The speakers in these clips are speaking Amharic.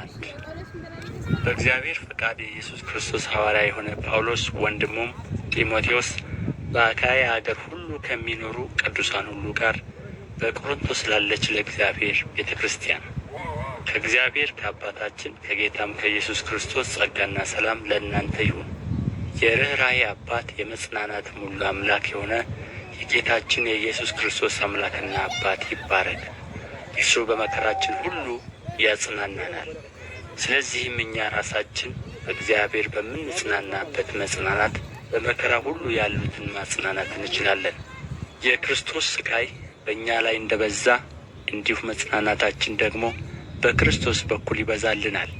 አንድ በእግዚአብሔር ፈቃድ የኢየሱስ ክርስቶስ ሐዋርያ የሆነ ጳውሎስ ወንድሙም ጢሞቴዎስ በአካያ አገር ሁሉ ከሚኖሩ ቅዱሳን ሁሉ ጋር በቆሮንቶስ ላለች ለእግዚአብሔር ቤተ ክርስቲያን ከእግዚአብሔር ከአባታችን ከጌታም ከኢየሱስ ክርስቶስ ጸጋና ሰላም ለእናንተ ይሁን። የርኅራኄ አባት የመጽናናት ሙሉ አምላክ የሆነ የጌታችን የኢየሱስ ክርስቶስ አምላክና አባት ይባረክ። እርሱ በመከራችን ሁሉ ያጽናናናል። ስለዚህም እኛ ራሳችን እግዚአብሔር በምንጽናናበት መጽናናት በመከራ ሁሉ ያሉትን ማጽናናት እንችላለን። የክርስቶስ ስቃይ በእኛ ላይ እንደ በዛ እንዲሁ መጽናናታችን ደግሞ በክርስቶስ በኩል ይበዛልናል።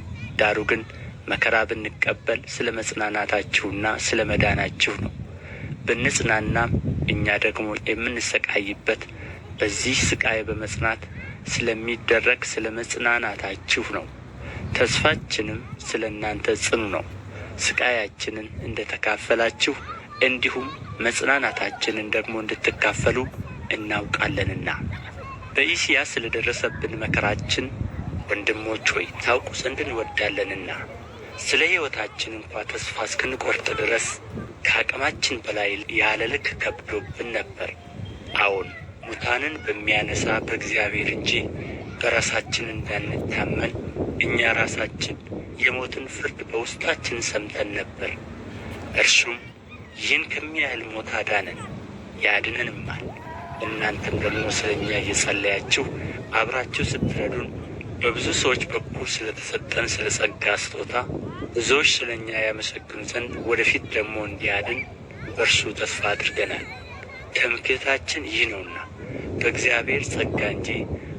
ዳሩ ግን መከራ ብንቀበል ስለ መጽናናታችሁና ስለ መዳናችሁ ነው። ብንጽናናም እኛ ደግሞ የምንሰቃይበት በዚህ ስቃይ በመጽናት ስለሚደረግ ስለ መጽናናታችሁ ነው። ተስፋችንም ስለ እናንተ ጽኑ ነው። ሥቃያችንን እንደ ተካፈላችሁ እንዲሁም መጽናናታችንን ደግሞ እንድትካፈሉ እናውቃለንና። በኢስያ ስለ ደረሰብን መከራችን ወንድሞች ሆይ ታውቁ ዘንድ እንወዳለንና ስለ ሕይወታችን እንኳ ተስፋ እስክንቆርጥ ድረስ ከአቅማችን በላይ ያለ ልክ ከብዶብን ነበር። አዎን ሙታንን በሚያነሳ በእግዚአብሔር እንጂ በራሳችን እንዳንታመን እኛ ራሳችን የሞትን ፍርድ በውስጣችን ሰምተን ነበር። እርሱም ይህን ከሚያህል ሞት አዳነን ያድነንማል። እናንተም ደግሞ ስለ እኛ እየጸለያችሁ አብራችሁ ስትረዱን በብዙ ሰዎች በኩል ስለተሰጠን ስለ ጸጋ ስጦታ ብዙዎች ስለ እኛ ያመሰግኑ ዘንድ ወደፊት ደግሞ እንዲያድን በእርሱ ተስፋ አድርገናል። ትምክህታችን ይህ ነውና በእግዚአብሔር ጸጋ እንጂ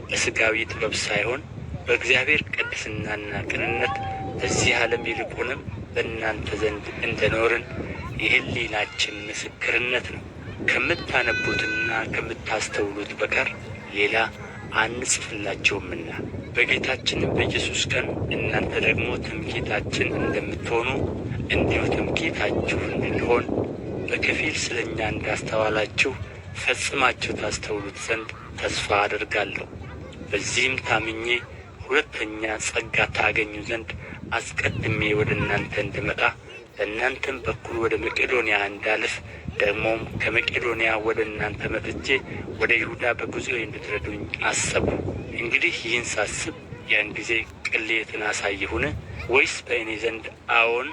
በሥጋዊ ጥበብ ሳይሆን በእግዚአብሔር ቅድስናና ቅንነት በዚህ ዓለም ይልቁንም በእናንተ ዘንድ እንደኖርን የህሊናችን ምስክርነት ነው። ከምታነቡትና ከምታስተውሉት በቀር ሌላ አንጽፍላቸውምና በጌታችንም በኢየሱስ ቀን እናንተ ደግሞ ትምኬታችን እንደምትሆኑ እንዲሁ ትምኬታችሁ እንድንሆን በከፊል ስለ እኛ እንዳስተዋላችሁ ፈጽማችሁ ታስተውሉት ዘንድ ተስፋ አደርጋለሁ። በዚህም ታምኜ ሁለተኛ ጸጋ ታገኙ ዘንድ አስቀድሜ ወደ እናንተ እንድመጣ በእናንተም በኩል ወደ መቄዶንያ እንዳልፍ ደግሞም ከመቄዶንያ ወደ እናንተ መጥቼ ወደ ይሁዳ በጉዞ እንድትረዱኝ አሰቡ። እንግዲህ ይህን ሳስብ ያን ጊዜ ቅሌትን አሳየሁን? ወይስ በእኔ ዘንድ አዎን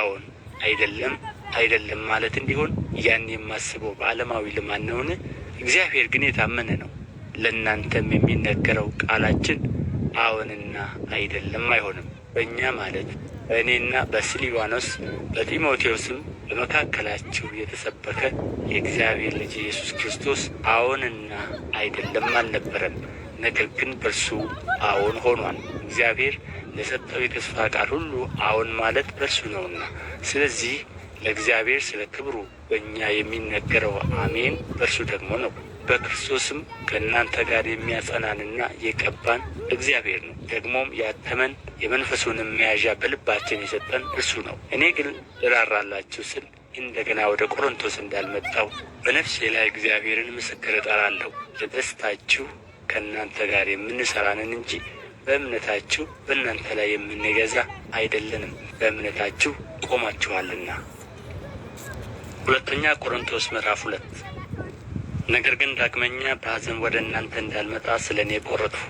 አዎን አይደለም አይደለም ማለት እንዲሆን ያን የማስበው በዓለማዊ ልማድ ነውን? እግዚአብሔር ግን የታመነ ነው። ለእናንተም የሚነገረው ቃላችን አዎንና አይደለም አይሆንም። በእኛ ማለት በእኔና በስሊዋኖስ በጢሞቴዎስም በመካከላችሁ የተሰበከ የእግዚአብሔር ልጅ ኢየሱስ ክርስቶስ አዎንና አይደለም አልነበረም። ነገር ግን በእርሱ አዎን ሆኗል። እግዚአብሔር ለሰጠው የተስፋ ቃል ሁሉ አዎን ማለት በእርሱ ነውና፣ ስለዚህ ለእግዚአብሔር ስለ ክብሩ በእኛ የሚነገረው አሜን በእርሱ ደግሞ ነው። በክርስቶስም ከእናንተ ጋር የሚያጸናንና የቀባን እግዚአብሔር ነው። ደግሞም ያተመን የመንፈሱንም መያዣ በልባችን የሰጠን እርሱ ነው። እኔ ግን ልራራላችሁ ስል እንደገና ወደ ቆሮንቶስ እንዳልመጣው በነፍሴ ላይ እግዚአብሔርን ምስክር እጠራለሁ። ለደስታችሁ ከእናንተ ጋር የምንሰራንን እንጂ በእምነታችሁ በእናንተ ላይ የምንገዛ አይደለንም። በእምነታችሁ ቆማችኋልና ሁለተኛ ቆሮንቶስ ምዕራፍ ሁለት ነገር ግን ዳግመኛ በሐዘን ወደ እናንተ እንዳልመጣ ስለ እኔ ቆረጥሁ።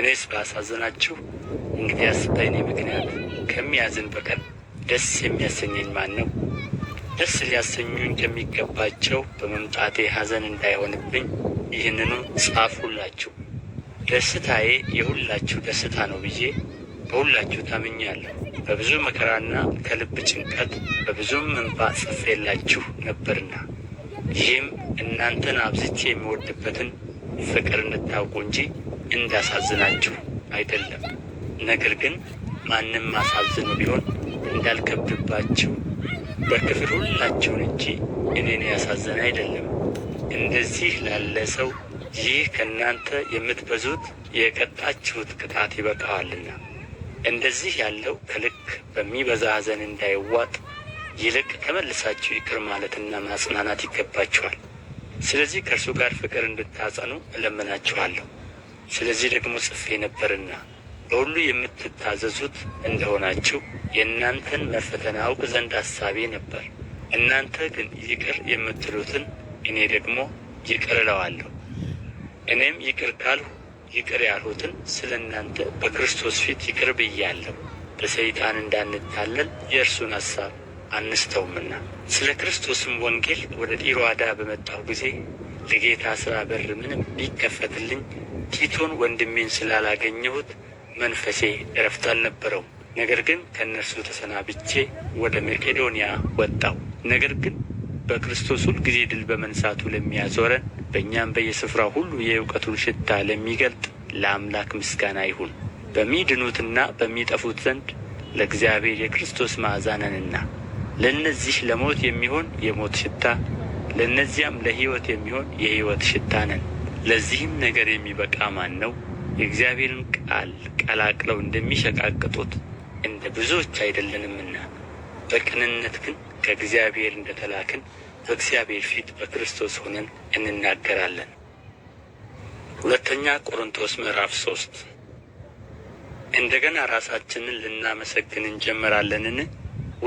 እኔስ ባሳዘናችሁ፣ እንግዲያስ በእኔ ምክንያት ከሚያዝን በቀር ደስ የሚያሰኘኝ ማን ነው? ደስ ሊያሰኙኝ ከሚገባቸው በመምጣቴ ሐዘን እንዳይሆንብኝ ይህንኑ ጻፍሁላችሁ። ደስታዬ የሁላችሁ ደስታ ነው ብዬ በሁላችሁ ታምኛለሁ። በብዙ መከራና ከልብ ጭንቀት በብዙም እንባ ጽፌላችሁ ነበርና ይህም እናንተን አብዝቼ የሚወድበትን ፍቅር እንድታውቁ እንጂ እንዳሳዝናችሁ አይደለም። ነገር ግን ማንም አሳዝኑ ቢሆን እንዳልከብድባችሁ በክፍል ሁላችሁን እንጂ እኔን ያሳዘን አይደለም። እንደዚህ ላለ ሰው ይህ ከእናንተ የምትበዙት የቀጣችሁት ቅጣት ይበቃዋልና። እንደዚህ ያለው ከልክ በሚበዛ ሐዘን እንዳይዋጥ ይልቅ ተመልሳችሁ ይቅር ማለትና ማጽናናት ይገባችኋል። ስለዚህ ከእርሱ ጋር ፍቅር እንድታጸኑ እለምናችኋለሁ። ስለዚህ ደግሞ ጽፌ ነበርና በሁሉ የምትታዘዙት እንደሆናችሁ የእናንተን መፈተን አውቅ ዘንድ አሳቤ ነበር። እናንተ ግን ይቅር የምትሉትን እኔ ደግሞ ይቅር እለዋለሁ። እኔም ይቅር ካልሁ ይቅር ያልሁትን ስለ እናንተ በክርስቶስ ፊት ይቅር ብያለሁ፣ በሰይጣን እንዳንታለል የእርሱን ሐሳብ አንስተውምና። ስለ ክርስቶስም ወንጌል ወደ ጢሮአዳ በመጣሁ ጊዜ ለጌታ ሥራ በር ምንም ቢከፈትልኝ ቲቶን ወንድሜን ስላላገኘሁት መንፈሴ እረፍት አልነበረውም። ነገር ግን ከእነርሱ ተሰናብቼ ወደ መቄዶንያ ወጣሁ። ነገር ግን በክርስቶስ ሁልጊዜ ድል በመንሣቱ ለሚያዞረን በእኛም በየስፍራው ሁሉ የእውቀቱን ሽታ ለሚገልጥ ለአምላክ ምስጋና ይሁን። በሚድኑትና በሚጠፉት ዘንድ ለእግዚአብሔር የክርስቶስ መዓዛ ነንና ለእነዚህ ለሞት የሚሆን የሞት ሽታ፣ ለእነዚያም ለሕይወት የሚሆን የሕይወት ሽታ ነን። ለዚህም ነገር የሚበቃ ማን ነው? የእግዚአብሔርን ቃል ቀላቅለው እንደሚሸቃቅጡት እንደ ብዙዎች አይደለንምና፣ በቅንነት ግን ከእግዚአብሔር እንደ ተላክን በእግዚአብሔር ፊት በክርስቶስ ሆነን እንናገራለን። ሁለተኛ ቆሮንቶስ ምዕራፍ ሶስት እንደገና ራሳችንን ልናመሰግን እንጀምራለንን?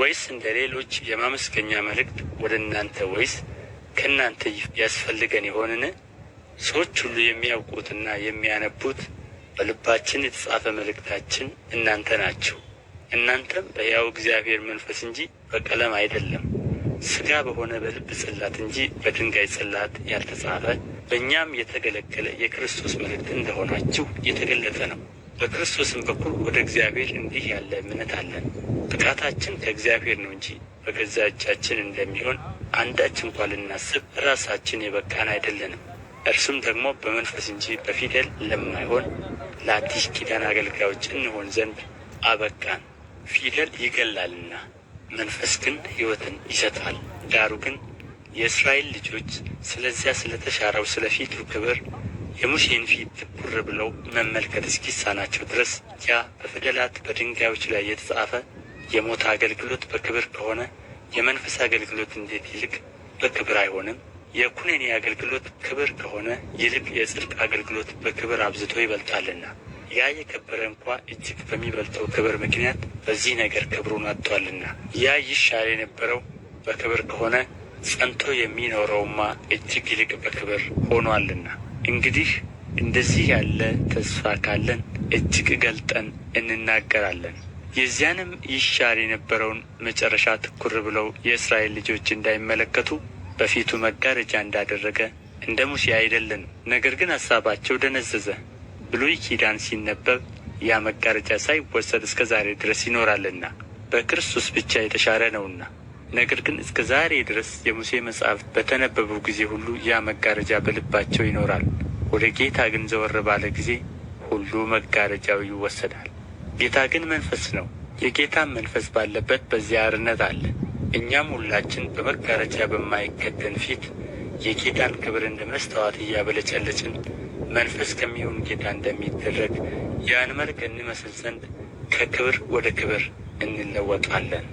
ወይስ እንደ ሌሎች የማመስገኛ መልእክት ወደ እናንተ ወይስ ከእናንተ ያስፈልገን ይሆንን? ሰዎች ሁሉ የሚያውቁትና የሚያነቡት በልባችን የተጻፈ መልእክታችን እናንተ ናችሁ። እናንተም በሕያው እግዚአብሔር መንፈስ እንጂ በቀለም አይደለም። ስጋ በሆነ በልብ ጽላት እንጂ በድንጋይ ጽላት ያልተጻፈ በእኛም የተገለገለ የክርስቶስ መልእክት እንደሆናችሁ የተገለጠ ነው። በክርስቶስም በኩል ወደ እግዚአብሔር እንዲህ ያለ እምነት አለን። ጥቃታችን ከእግዚአብሔር ነው እንጂ በገዛ እጃችን እንደሚሆን አንዳች እንኳ ልናስብ ራሳችን የበቃን አይደለንም። እርሱም ደግሞ በመንፈስ እንጂ በፊደል ለማይሆን ለአዲስ ኪዳን አገልጋዮች እንሆን ዘንድ አበቃን። ፊደል ይገላልና መንፈስ ግን ሕይወትን ይሰጣል። ዳሩ ግን የእስራኤል ልጆች ስለዚያ ስለተሻረው ስለ ፊቱ ክብር የሙሴን ፊት ትኩር ብለው መመልከት እስኪሳናቸው ድረስ ያ በፊደላት በድንጋዮች ላይ የተጻፈ የሞት አገልግሎት በክብር ከሆነ የመንፈስ አገልግሎት እንዴት ይልቅ በክብር አይሆንም? የኩነኔ አገልግሎት ክብር ከሆነ ይልቅ የጽድቅ አገልግሎት በክብር አብዝቶ ይበልጣልና። ያ የከበረ እንኳ እጅግ በሚበልጠው ክብር ምክንያት በዚህ ነገር ክብሩን አጥቷልና፣ ያ ይሻል የነበረው በክብር ከሆነ ጸንቶ የሚኖረውማ እጅግ ይልቅ በክብር ሆኗልና። እንግዲህ እንደዚህ ያለ ተስፋ ካለን እጅግ ገልጠን እንናገራለን። የዚያንም ይሻል የነበረውን መጨረሻ ትኩር ብለው የእስራኤል ልጆች እንዳይመለከቱ በፊቱ መጋረጃ እንዳደረገ እንደ ሙሴ አይደለንም። ነገር ግን ሐሳባቸው ደነዘዘ። ብሉይ ኪዳን ሲነበብ ያ መጋረጃ ሳይወሰድ እስከ ዛሬ ድረስ ይኖራልና በክርስቶስ ብቻ የተሻረ ነውና። ነገር ግን እስከ ዛሬ ድረስ የሙሴ መጽሐፍ በተነበቡ ጊዜ ሁሉ ያ መጋረጃ በልባቸው ይኖራል። ወደ ጌታ ግን ዘወር ባለ ጊዜ ሁሉ መጋረጃው ይወሰዳል። ጌታ ግን መንፈስ ነው፣ የጌታን መንፈስ ባለበት በዚያ አርነት አለ። እኛም ሁላችን በመጋረጃ በማይከደን ፊት የጌታን ክብር እንደ መስተዋት እያበለጨለጭን መንፈስ ከሚሆን ጌታ እንደሚደረግ ያን መልክ እንመስል ዘንድ ከክብር ወደ ክብር እንለወጣለን።